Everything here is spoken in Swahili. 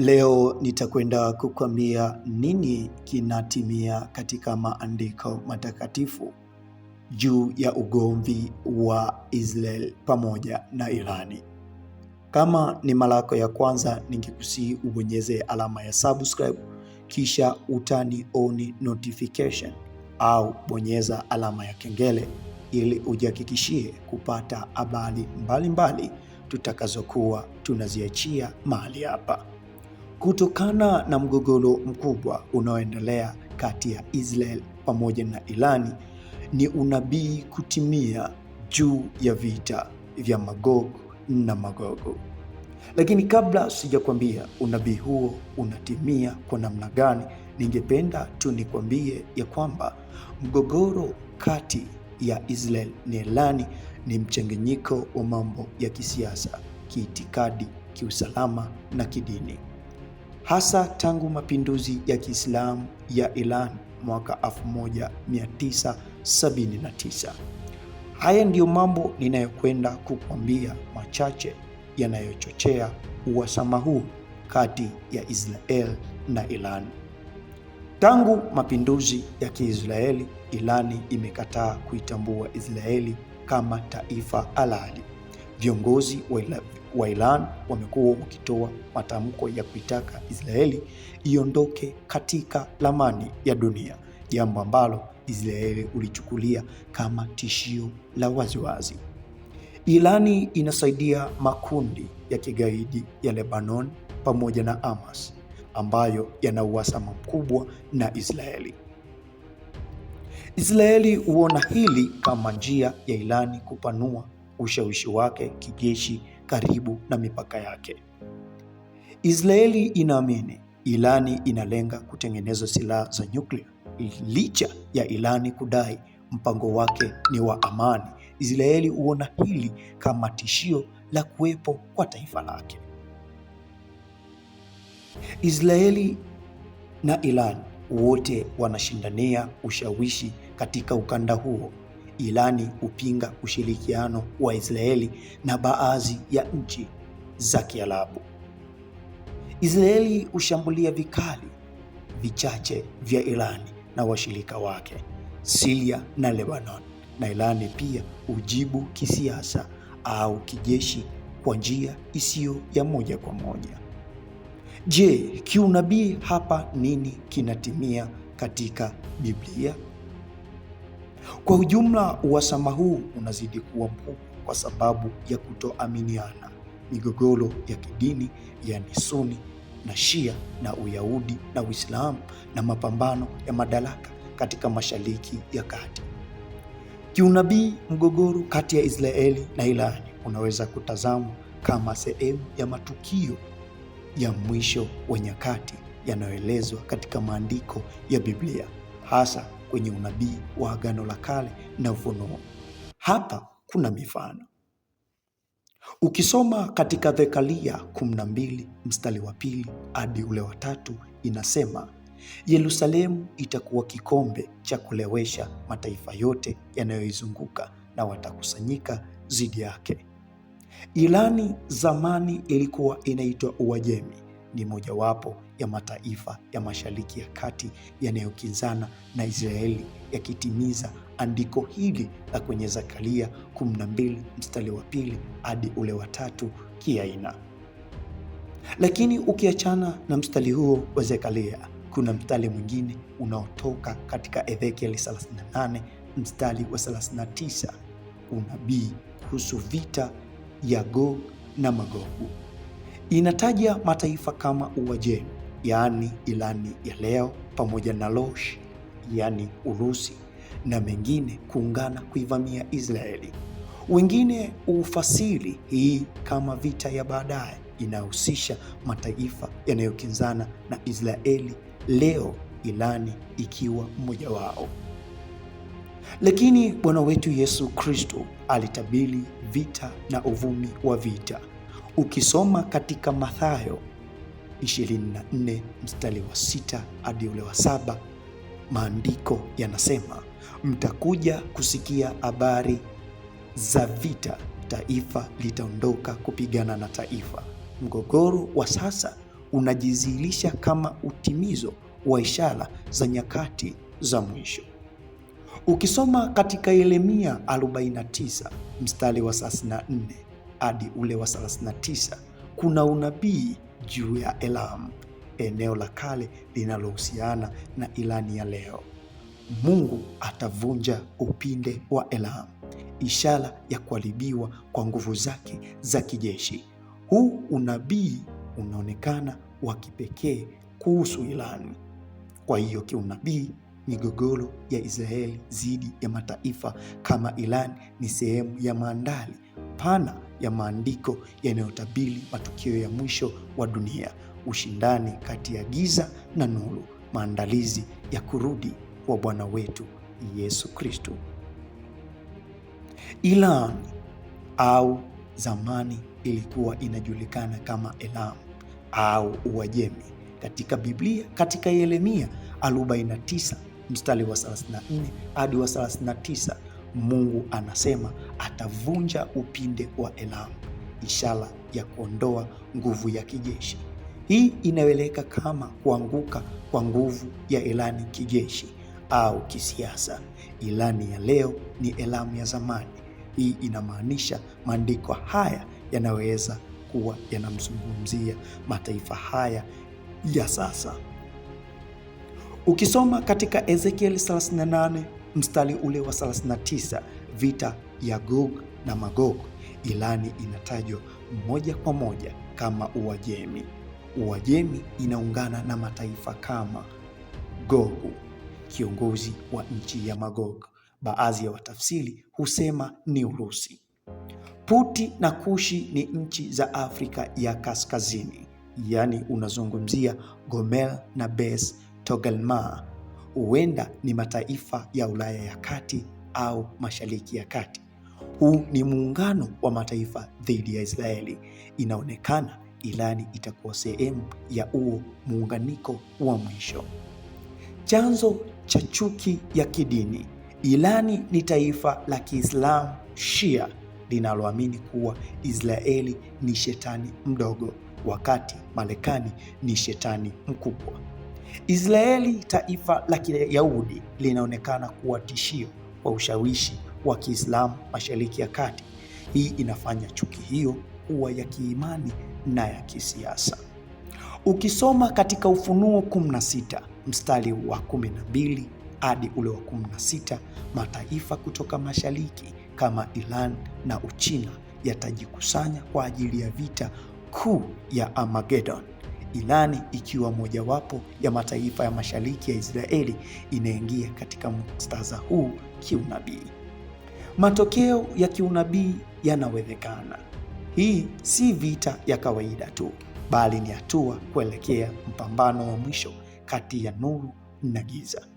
Leo nitakwenda kukwambia nini kinatimia katika maandiko matakatifu juu ya ugomvi wa Israel pamoja na Irani. Kama ni mara yako ya kwanza, ningekusihi ubonyeze alama ya subscribe, kisha utani on notification au bonyeza alama ya kengele ili ujihakikishie kupata habari mbalimbali tutakazokuwa tunaziachia mahali hapa. Kutokana na mgogoro mkubwa unaoendelea kati ya Israel pamoja na Irani, ni unabii kutimia juu ya vita vya Magog na Magogo. Lakini kabla sijakwambia unabii huo unatimia kwa namna gani, ningependa tu nikwambie ya kwamba mgogoro kati ya Israel na Irani ni mchanganyiko wa mambo ya kisiasa, kiitikadi, kiusalama na kidini hasa tangu mapinduzi ya Kiislamu ya Iran mwaka 1979. Haya ndiyo mambo ninayokwenda kukuambia, machache yanayochochea uhasama huu kati ya Israel na Iran. Tangu mapinduzi ya Kiisraeli, Irani imekataa kuitambua Israeli kama taifa halali. Viongozi wa wa Iran wamekuwa wakitoa matamko ya kuitaka Israeli iondoke katika ramani ya dunia, jambo ambalo Israeli ulichukulia kama tishio la waziwazi. Irani inasaidia makundi ya kigaidi ya Lebanon pamoja na Hamas ambayo yana uhasama mkubwa na Israeli. Israeli huona hili kama njia ya Irani kupanua ushawishi wake kijeshi karibu na mipaka yake. Israeli inaamini ilani inalenga kutengeneza silaha za nyuklia. Licha ya ilani kudai mpango wake ni wa amani, Israeli huona hili kama tishio la kuwepo kwa taifa lake. Israeli na Iran wote wanashindania ushawishi katika ukanda huo ilani hupinga ushirikiano wa Israeli na baadhi ya nchi za Kiarabu. Israeli hushambulia vikali vichache vya Irani na washirika wake Siria na Lebanon, na Irani pia hujibu kisiasa au kijeshi kwa njia isiyo ya moja kwa moja. Je, kiunabii hapa nini kinatimia katika Biblia? Kwa ujumla, uhasama huu unazidi kuwa mkubwa kwa sababu ya kutoaminiana, migogoro ya kidini, yani Suni na Shia na Uyahudi na Uislamu na mapambano ya madaraka katika Mashariki ya Kati. Kiunabii, mgogoro kati ya Israeli na Irani unaweza kutazamwa kama sehemu ya matukio ya mwisho wa nyakati yanayoelezwa katika maandiko ya Biblia hasa kwenye unabii wa Agano la Kale na Ufunuo. Hapa kuna mifano. Ukisoma katika na 12 mstari wa pili hadi ule wa tatu, inasema Yerusalemu itakuwa kikombe cha kulewesha mataifa yote yanayoizunguka na watakusanyika dhidi yake. Irani zamani ilikuwa inaitwa Uajemi, ni mojawapo ya mataifa ya Mashariki ya Kati yanayokinzana na Israeli yakitimiza andiko hili la kwenye Zakaria 12 mstari wa pili hadi ule wa tatu kiaina. Lakini ukiachana na mstari huo wa Zekaria, kuna mstari mwingine unaotoka katika Ezekieli 38 mstari wa 39, unabii kuhusu vita ya Gog na Magogu. Inataja mataifa kama Uajemi, yaani ilani ya leo pamoja na Roshi yaani Urusi na mengine kuungana kuivamia Israeli. Wengine huufasiri hii kama vita ya baadaye inayohusisha mataifa yanayokinzana na Israeli leo, Irani ikiwa mmoja wao. Lakini Bwana wetu Yesu Kristo alitabiri vita na uvumi wa vita. Ukisoma katika Mathayo 24 mstari wa sita hadi ule wa saba maandiko yanasema, mtakuja kusikia habari za vita, taifa litaondoka kupigana na taifa. Mgogoro wa sasa unajizihirisha kama utimizo wa ishara za nyakati za mwisho. Ukisoma katika Yeremia 49 mstari wa 34 hadi ule wa 39 kuna unabii juu ya Elamu, eneo la kale linalohusiana na Irani ya leo. Mungu atavunja upinde wa elam ishara ya kuharibiwa kwa nguvu zake za kijeshi. Huu unabii unaonekana wa kipekee kuhusu Irani. Kwa hiyo kiunabii, migogoro ya Israeli dhidi ya mataifa kama ilani ni sehemu ya maandali pana ya maandiko yanayotabiri matukio ya mwisho wa dunia, ushindani kati ya giza na nuru, maandalizi ya kurudi kwa Bwana wetu Yesu Kristo. Iran au zamani ilikuwa inajulikana kama Elam au Uajemi katika Biblia, katika Yeremia 49 mstari wa 34 hadi wa 39 Mungu anasema atavunja upinde wa Elamu, ishara ya kuondoa nguvu ya kijeshi. Hii inaeleka kama kuanguka kwa nguvu ya Irani kijeshi au kisiasa. Irani ya leo ni Elamu ya zamani. Hii inamaanisha maandiko haya yanaweza kuwa yanamzungumzia mataifa haya ya sasa. Ukisoma katika Ezekiel 38 mstari ule wa 39, vita ya Gog na Magog. ilani inatajwa moja kwa moja kama Uajemi. Uajemi inaungana na mataifa kama Gogu, kiongozi wa nchi ya Magog. Baadhi ya watafsiri husema ni Urusi. Puti na Kushi ni nchi za Afrika ya Kaskazini, yaani unazungumzia Gomel na Bes Togelma huenda ni mataifa ya Ulaya ya kati au Mashariki ya Kati. Huu ni muungano wa mataifa dhidi ya Israeli. Inaonekana Irani itakuwa sehemu ya huo muunganiko wa mwisho. Chanzo cha chuki ya kidini. Irani ni taifa la Kiislamu Shia linaloamini kuwa Israeli ni shetani mdogo, wakati Marekani ni shetani mkubwa. Israeli, taifa la Kiyahudi, linaonekana kuwa tishio kwa ushawishi wa Kiislamu Mashariki ya Kati. Hii inafanya chuki hiyo kuwa ya kiimani na ya kisiasa. Ukisoma katika Ufunuo 16 mstari wa 12 hadi ule wa 16, mataifa kutoka mashariki kama Iran na Uchina yatajikusanya kwa ajili ya vita kuu ya Armageddon. Irani ikiwa mojawapo ya mataifa ya mashariki ya Israeli inaingia katika mstaza huu kiunabii. Matokeo ya kiunabii yanawezekana. Hii si vita ya kawaida tu, bali ni hatua kuelekea mpambano wa mwisho kati ya nuru na giza.